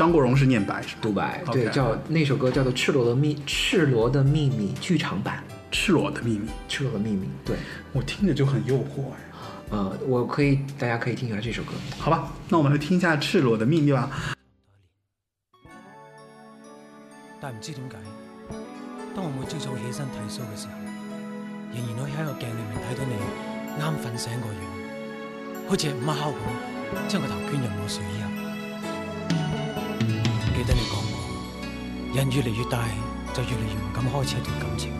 張國榮是念白是嗎？杜白對，Okay. 叫那首歌叫做《赤裸的秘赤裸的秘密》劇場版，《赤裸的秘密》赤裸的秘密，對我聽着就很誘惑啊。呃，我可以，大家可以聽一下這首歌，好吧？那我們來聽一下《赤裸的秘密》吧。但唔知點解，當我每朝早起身睇書嘅時候，仍然可以喺個鏡裏面睇到你啱瞓醒個樣，好似隻貓咁，將個頭鑽入我水一樣。記得你講過，人越嚟越大，就越嚟越唔敢開始一段感情。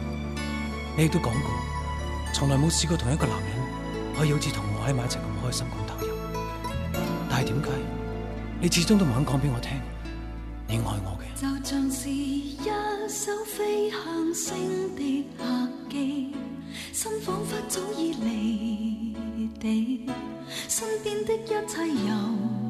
你亦都講過，從來冇試過同一個男人可以好似同我喺埋一齊咁開心咁投入但。但係點解你始終都唔肯講俾我聽，你愛我嘅？就像是一首飛向星的客機，心仿佛早已離地，身邊的一切又……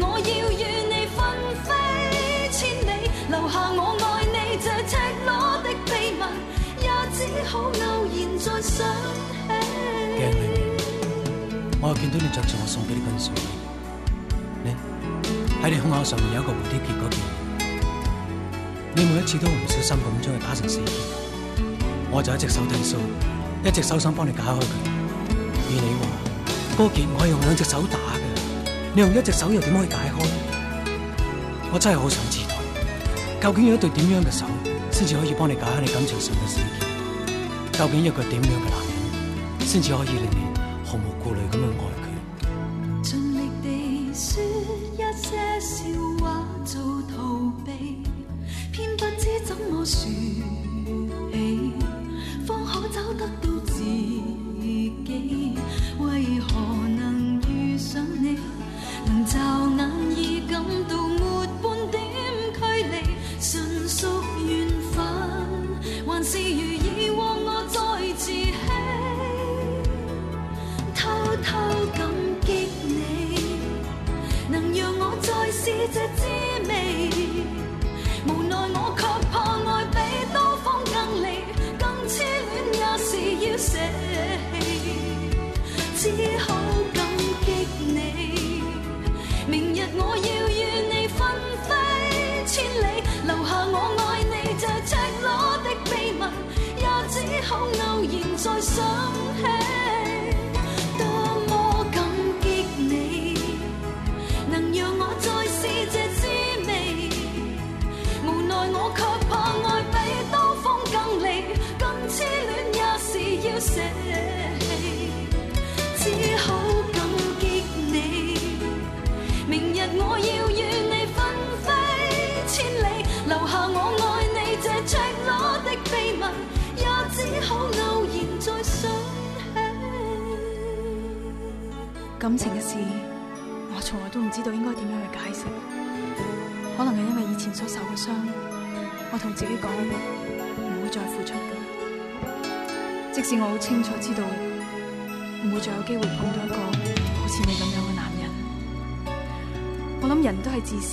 我要與你分飛千里留下我愛你這赤裸的秘密，也只好偶然再想起。我又見到你着住我送俾你根項你喺你胸口上面有一個蝴蝶結嗰件，你每一次都唔小心咁將佢打成死結，我就一隻手計數，一隻手手幫你解開佢。而你話，嗰件唔可以用兩隻手打。你用一隻手又點可以解開呢？我真係好想知道，究竟有一對點樣嘅手，先至可以幫你解開你感情上嘅死結？究竟一個點樣嘅男人，先至可以令你毫無顧慮咁樣愛佢？盡力地說一些笑話做逃避，偏不知怎麼說。